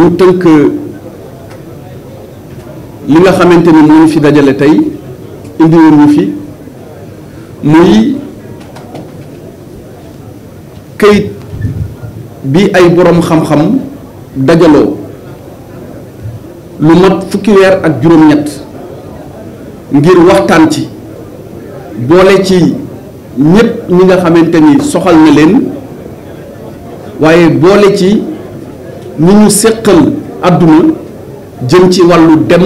ñu tënk li nga xamante ni moo ñu fi dajale tey indi fi muy këyit bi ay boroom xam-xam dajaloo lu mat fukki weer ak juróom-ñett ngir waxtaan ci boole ci ñépp ñi nga xamante ni soxal na leen waaye boole ci ñi ñu seqal àdduna jëm ci wàllu dem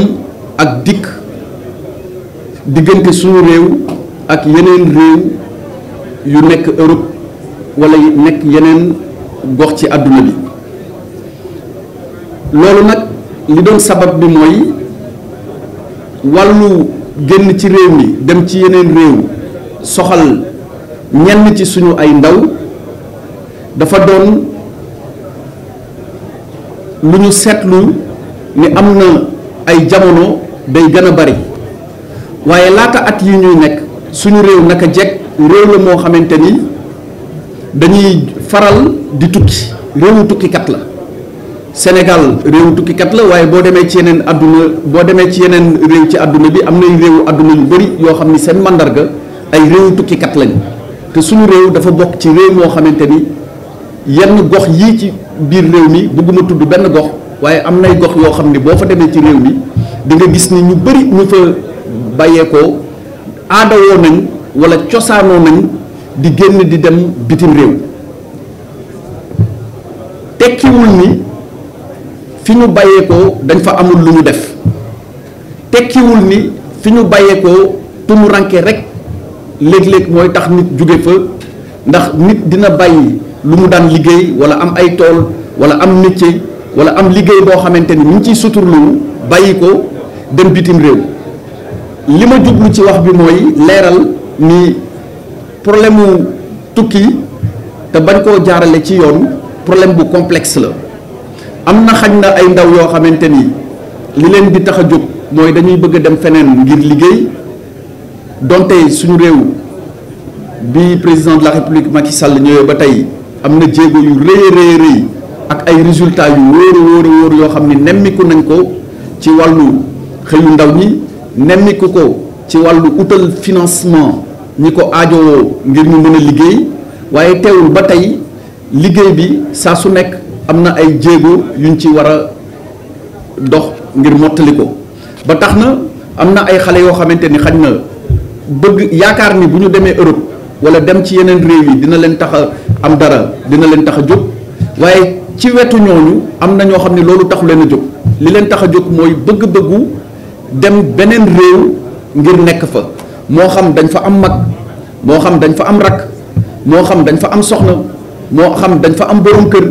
ak dikk diggante suñu réew ak yeneen réew yu nekk Europe wala nekk yeneen gox ci àdduna bi loolu nag li doon sabab bi mooy wàllu génn ci réew mi dem ci yeneen réew soxal ñenn ci suñu ay ndaw dafa doon lu ñu seetlu ni am na ay jamono day gën a bari waaye laata at yu ñuy nekk suñu réew naka jekk réew la moo xamante ni dañuy faral di tukki réewu tukkikat la Sénégal réewu tukkikat la waaye boo demee ci yeneen àdduna boo demee ci yeneen réew ci àdduna bi am nay réewu àdduna yu bari yoo xam ni seen màndarga ay réewu tukkikat lañ te suñu réew dafa bokk ci réew moo xamante ni yenn gox yii ci biir réew mi bëgguma tudd benn gox waaye am nay gox yoo xam ni boo fa demee ci réew mi di gis ni ñu bari ñu fa bàyyeekoo aadawoo nañ walla cosaanoo nañ di génn di dem bitim réew tekkiwul ni fi ñu bàyyeekoo dañ fa amul lu ñu def tekkiwul ni fi ñu bàyyeekoo tumu ranke rek léeg-léeg mooy tax nit jóge fa ndax nit dina bàyyi lu mu daan liggéey wala am ay tool wala am métier wala am liggéey boo xamante ni ñu ngi ciy suturlu bàyyi ko dem bitim réew li ma jublu ci wax bi mooy leeral ni problème mu tukki te bañ koo jaarale ci yoon problème bu complexe la am na xañ na ay ndaw yoo xamante ni li leen di tax a jóg mooy dañuy bëgg a dem feneen ngir liggéey donte suñu réew bi président de la république Macky Sall ñëwee ba tey am na jéego yu rëy rëy rëy ak ay résultats yu wóor wóor wóor yoo xam ni nemmiku nañ ko ci wàllu xëyu ndaw ñi nemmiku ko ci wàllu utal financement ñi ko aajowoo ngir ñu mën liggéey waaye teewul ba tey liggéey bi saa su nekk am na ay jéego yuñ ci war a dox ngir mottali ko ba tax na am na ay xale yoo xamante ni xaj na bëgg yaakaar ni bu ñu demee Europe wala dem ci yeneen réew yi dina leen tax a am dara dina leen tax a jóg waaye ci wetu ñooñu am na ñoo xam ne loolu taxu leen a jóg li leen tax a jóg mooy bëgg-bëggu dem beneen réew ngir nekk fa moo xam dañ fa am mag moo xam dañ fa am rakk moo xam dañ fa am soxna moo xam dañ fa am borom kër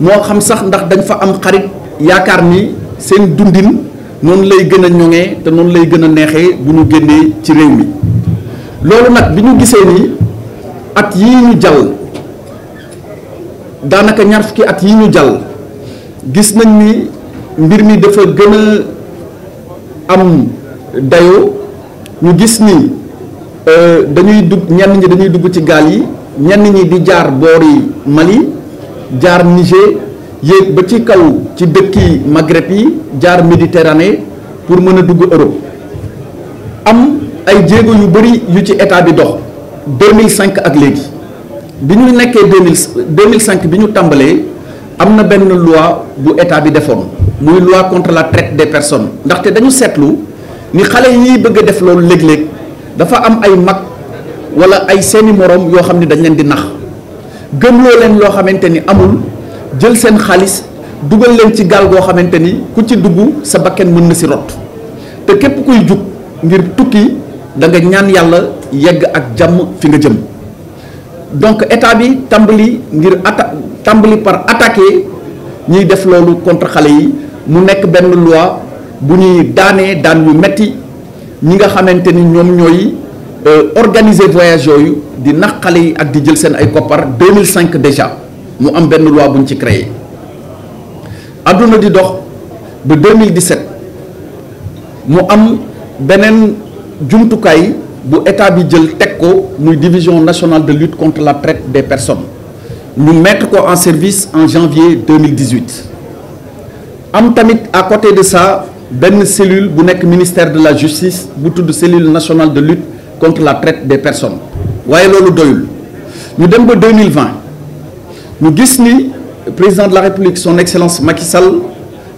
moo xam sax ndax dañ fa am xarit yaakaar ni seen dundin noonu lay gën a ñoŋee te noonu lay gën a neexee bu ñu génnee ci réew mi loolu nag bi ñu gisee ni at yii ñu jàll daanaka ñaar at yi ñu jàll gis nañ ni mbir mi dafa gën am dayoo ñu gis ni euh, dañuy dugg ñenn ñi dañuy dugg ci gaal yi ñenn ñi di jaar boori Mali jaar Niger yéeg ba ci kaw ci dëkki Maghreb yi jaar Méditerranée pour mën a dugg Europe am ay jéego yu bari yu ci état bi dox 2005 ak léegi. bi ñu nekkee deux mille deux mille bi ñu tàmbalee am na benn loi bu état bi defoon muy loi contre la traite des personnes ndaxte dañu seetlu ni xale yi bëgg a def loolu léeg-léeg dafa am ay mag wala ay seeni moroom yoo xam ne dañ leen di nax gëmloo leen loo xamante ni amul jël seen xaalis dugal leen ci gaal goo xamante ni ku ci duggu sa bakken mën na si rot te képp kuy jug ngir tukki da nga ñaan yàlla yegg ak jàmm fi nga jëm. donc état bi tàmbali ngir atta tàmbali par attaquer ñuy def loolu contre xale yi mu nekk benn loi bu ñuy daanee daan yu metti ñi nga xamante ni ñoom ñooy euh, organiser voyage yooyu di nax xale yi ak di jël seen ay koppar 2005 déjà mu am benn loi bu ci créé àdduna di dox ba 2017 mu am beneen jumtukaay. bu état bi jël teg ko muy division nationale de lutte contre la traite des personnes ñu mettre ko en service en janvier 2018 am tamit à côté de ça benn cellule bu nekk ministère de la justice bu tudd cellule nationale de lutte contre la traite des personnes waaye loolu doyul ñu dem ba 2020 ñu gis ni président de la république son excellence Macky Sall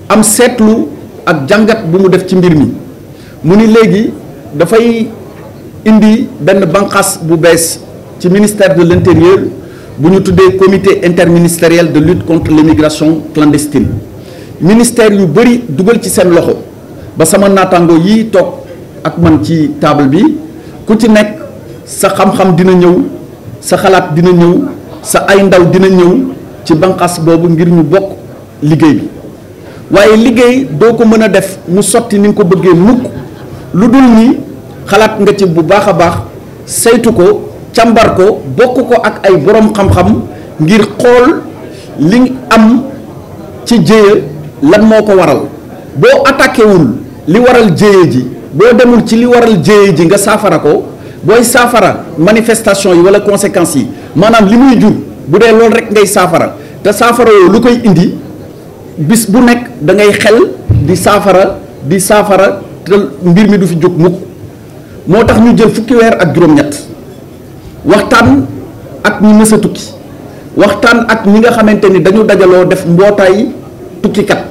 am seetlu ak jàngat bu mu def ci mbir mi mu ni léegi dafay indi benn banqaas bu bees ci ministère de l'intérieur bu ñu tuddee comité interministériel de lutte contre l'immigration clandestine ministère yu bëri dugal ci seen loxo ba sama naataango yi toog ak man ci table bi ku ci nekk sa xam-xam dina ñëw sa xalaat dina ñëw sa ay ndaw dina ñëw ci banqaas boobu ngir ñu bokk liggéey bi waaye liggéey doo ko mën a def mu sotti ni nga ko bëggee mukk lu dul ni xalaat nga ci bu baax a baax saytu ko càmbar ko bokk ko ak ay borom xam-xam ngir xool li am ci jéye lan moo ko waral boo attaqué wul li waral jéye ji boo demul ci li waral jéye ji nga saafara ko booy saafara manifestation yi wala conséquences yi maanaam li muy jur bu dee loolu rek ngay saafara te saafara lu koy indi bis bu nekk da ngay xel di saafara di saafara te mbir mi du fi jóg mukk moo tax ñu jël fukki ak juróom-ñett waxtaan ak ñi mës tukki waxtaan ak ñi nga xamante ni dañu dajaloo def mbootaay tukkikat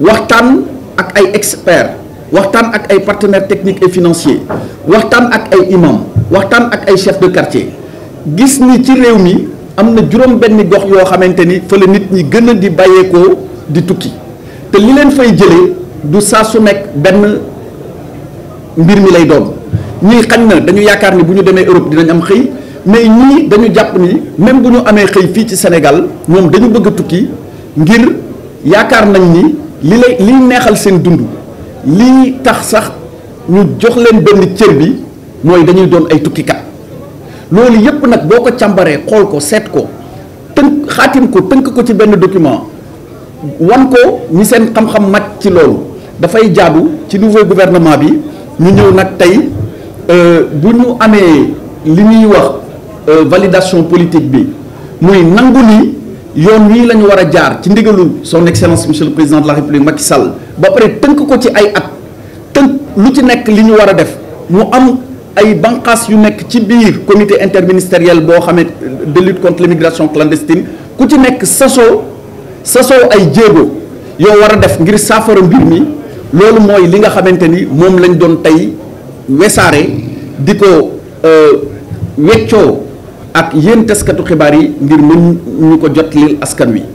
waxtaan ak ay expert waxtaan ak ay partenaires techniques et financiers waxtaan ak ay imam waxtaan ak ay chef de quartier gis ni ci réew mi am na juróom benn gox yoo xamante ni fa la nit ñi gën di bàyyeekoo di tukki te li leen fay jëlee du saa su nekk benn mbir mi lay doon ñii xañ na dañu yaakaar ni bu ñu demee Europe dinañ am xëy mais ñii dañu jàpp ni même bu ñu amee xëy fii ci senegal ñoom dañu bëgg tukki ngir yaakaar nañ ni li lay liy neexal seen dund lii tax sax ñu jox leen benn cër bi mooy dañuy doon ay tukkikat loolu yépp nag boo ko càmbaree xool ko seet ko tënk xaatim ko tënk ko ci benn document wan ko ñi seen xam-xam màcc ci loolu dafay jaadu ci nouveau gouvernement bi ñu ñëw nag tey Euh, bu ñu amee li ñuy wax euh, validation politique bi muy nangu ni yoon wii lañu war a jaar ci ndigalu son excellence monsieur le président de la république Macky Sall ba pare tënk ko ci ay at tënk lu ci nekk li ñu war a def mu am ay banqaas yu nekk ci biir comité interministériel boo xamee de lutte contre l'immigration clandestine ku ci nekk sasoo sasoo ay jéego yoo war a def ngir saafara mbir mi loolu mooy li nga xamante ni moom lañ doon tey wesaare di ko euh, weccoo ak yéen taskatu xibaar yi ngir mën ñu ko jot askan wi